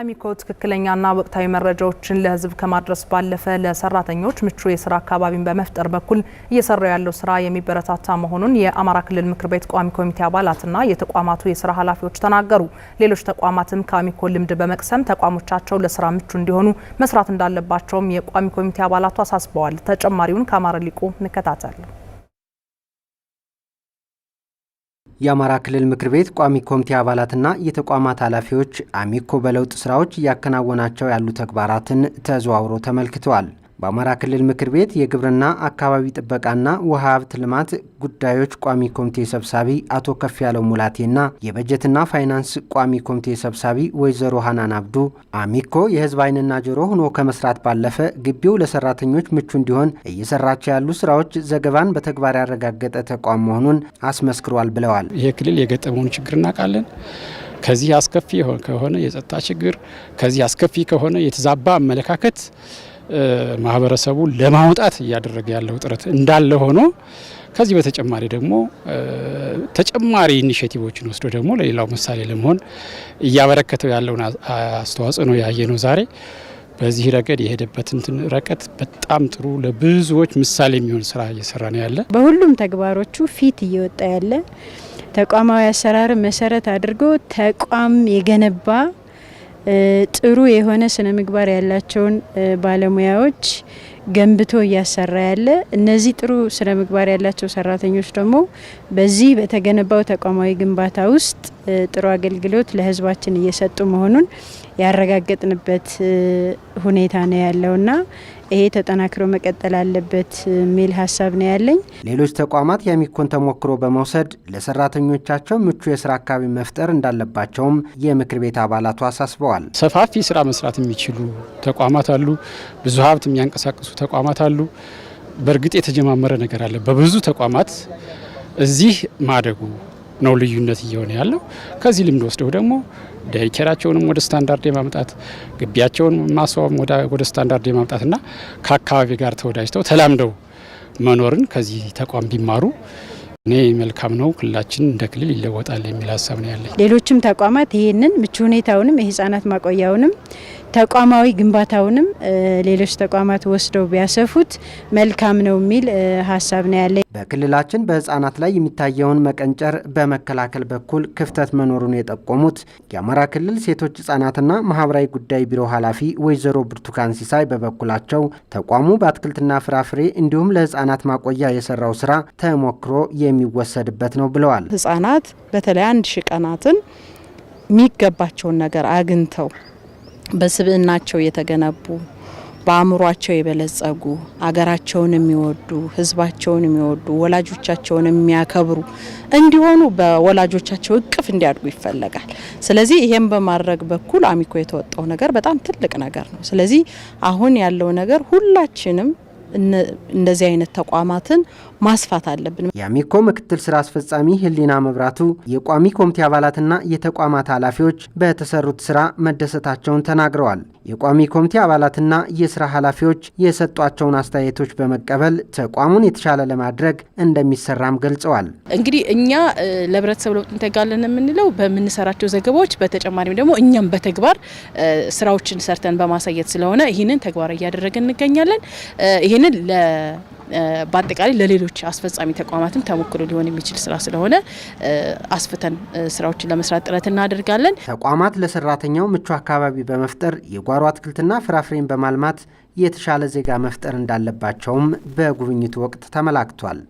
አሚኮ ትክክለኛና ወቅታዊ መረጃዎችን ለህዝብ ከማድረስ ባለፈ ለሰራተኞች ምቹ የስራ አካባቢን በመፍጠር በኩል እየሰራ ያለው ስራ የሚበረታታ መሆኑን የአማራ ክልል ምክር ቤት ቋሚ ኮሚቴ አባላትና የተቋማቱ የስራ ኃላፊዎች ተናገሩ። ሌሎች ተቋማትም ከአሚኮ ልምድ በመቅሰም ተቋሞቻቸው ለስራ ምቹ እንዲሆኑ መስራት እንዳለባቸውም የቋሚ ኮሚቴ አባላቱ አሳስበዋል። ተጨማሪውን ከአማራ ሊቁ እንከታተል። የአማራ ክልል ምክር ቤት ቋሚ ኮሚቴ አባላትና የተቋማት ኃላፊዎች አሚኮ በለውጥ ስራዎች እያከናወናቸው ያሉ ተግባራትን ተዘዋውሮ ተመልክተዋል። በአማራ ክልል ምክር ቤት የግብርና አካባቢ ጥበቃና ውሃ ሀብት ልማት ጉዳዮች ቋሚ ኮሚቴ ሰብሳቢ አቶ ከፍ ሙላቴ ሙላቴና የበጀትና ፋይናንስ ቋሚ ኮሚቴ ሰብሳቢ ወይዘሮ ሀናን አብዱ አሚኮ የህዝብ አይንና ጆሮ ሆኖ ከመስራት ባለፈ ግቢው ለሰራተኞች ምቹ እንዲሆን እየሰራቸው ያሉ ስራዎች ዘገባን በተግባር ያረጋገጠ ተቋም መሆኑን አስመስክሯል ብለዋል። ይህ ክልል የገጠመውን ችግር እናውቃለን። ከዚህ አስከፊ ከሆነ የጸጥታ ችግር፣ ከዚህ አስከፊ ከሆነ የተዛባ አመለካከት ማህበረሰቡ ለማውጣት እያደረገ ያለው ጥረት እንዳለ ሆኖ ከዚህ በተጨማሪ ደግሞ ተጨማሪ ኢኒሽቲቮችን ወስዶ ደግሞ ለሌላው ምሳሌ ለመሆን እያበረከተው ያለውን አስተዋጽኦ ነው ያየ ነው ዛሬ። በዚህ ረገድ የሄደበት እንትን ረቀት በጣም ጥሩ ለብዙዎች ምሳሌ የሚሆን ስራ እየሰራ ነው ያለ። በሁሉም ተግባሮቹ ፊት እየወጣ ያለ ተቋማዊ አሰራር መሰረት አድርጎ ተቋም የገነባ ጥሩ የሆነ ስነ ምግባር ያላቸውን ባለሙያዎች ገንብቶ እያሰራ ያለ እነዚህ ጥሩ ስነ ምግባር ያላቸው ሰራተኞች ደግሞ በዚህ በተገነባው ተቋማዊ ግንባታ ውስጥ ጥሩ አገልግሎት ለህዝባችን እየሰጡ መሆኑን ያረጋገጥንበት ሁኔታ ነው ያለውና ይሄ ተጠናክሮ መቀጠል አለበት የሚል ሀሳብ ነው ያለኝ። ሌሎች ተቋማት የሚኮን ተሞክሮ በመውሰድ ለሰራተኞቻቸው ምቹ የስራ አካባቢ መፍጠር እንዳለባቸውም የምክር ቤት አባላቱ አሳስበዋል። ሰፋፊ ስራ መስራት የሚችሉ ተቋማት አሉ። ብዙ ሀብት የሚያንቀሳቅሱ ተቋማት አሉ። በእርግጥ የተጀማመረ ነገር አለ በብዙ ተቋማት እዚህ ማደጉ ነው ልዩነት እየሆነ ያለው። ከዚህ ልምድ ወስደው ደግሞ ዳይኬራቸውንም ወደ ስታንዳርድ የማምጣት ግቢያቸውን ማስዋብ ወደ ስታንዳርድ የማምጣትና ከአካባቢ ጋር ተወዳጅተው ተላምደው መኖርን ከዚህ ተቋም ቢማሩ እኔ መልካም ነው፣ ክልላችን እንደ ክልል ይለወጣል የሚል ሀሳብ ነው ያለኝ። ሌሎችም ተቋማት ይህንን ምቹ ሁኔታውንም የህጻናት ማቆያውንም ተቋማዊ ግንባታውንም ሌሎች ተቋማት ወስደው ቢያሰፉት መልካም ነው የሚል ሀሳብ ነው ያለ። በክልላችን በህጻናት ላይ የሚታየውን መቀንጨር በመከላከል በኩል ክፍተት መኖሩን የጠቆሙት የአማራ ክልል ሴቶች ህጻናትና ማህበራዊ ጉዳይ ቢሮ ኃላፊ ወይዘሮ ብርቱካን ሲሳይ በበኩላቸው ተቋሙ በአትክልትና ፍራፍሬ እንዲሁም ለህጻናት ማቆያ የሰራው ስራ ተሞክሮ የሚወሰድበት ነው ብለዋል። ህጻናት በተለይ አንድ ሺ ቀናትን የሚገባቸውን ነገር አግኝተው በስብዕናቸው የተገነቡ በአእምሯቸው የበለጸጉ አገራቸውን የሚወዱ ህዝባቸውን የሚወዱ ወላጆቻቸውን የሚያከብሩ እንዲሆኑ በወላጆቻቸው እቅፍ እንዲያድጉ ይፈለጋል። ስለዚህ ይሄን በማድረግ በኩል አሚኮ የተወጣው ነገር በጣም ትልቅ ነገር ነው። ስለዚህ አሁን ያለው ነገር ሁላችንም እንደዚህ አይነት ተቋማትን ማስፋት አለብን። የአሚኮ ምክትል ስራ አስፈጻሚ ህሊና መብራቱ የቋሚ ኮሚቴ አባላትና የተቋማት ኃላፊዎች በተሰሩት ስራ መደሰታቸውን ተናግረዋል። የቋሚ ኮሚቴ አባላትና የስራ ኃላፊዎች የሰጧቸውን አስተያየቶች በመቀበል ተቋሙን የተሻለ ለማድረግ እንደሚሰራም ገልጸዋል። እንግዲህ እኛ ለህብረተሰብ ለውጥ እንተጋለን የምንለው በምንሰራቸው ዘገባዎች፣ በተጨማሪም ደግሞ እኛም በተግባር ስራዎችን ሰርተን በማሳየት ስለሆነ ይህንን ተግባር እያደረገ እንገኛለን። ይሄንን በአጠቃላይ ለሌሎች አስፈጻሚ ተቋማትም ተሞክሮ ሊሆን የሚችል ስራ ስለሆነ አስፍተን ስራዎችን ለመስራት ጥረት እናደርጋለን። ተቋማት ለሰራተኛው ምቹ አካባቢ በመፍጠር የጓሮ አትክልትና ፍራፍሬን በማልማት የተሻለ ዜጋ መፍጠር እንዳለባቸውም በጉብኝቱ ወቅት ተመላክቷል።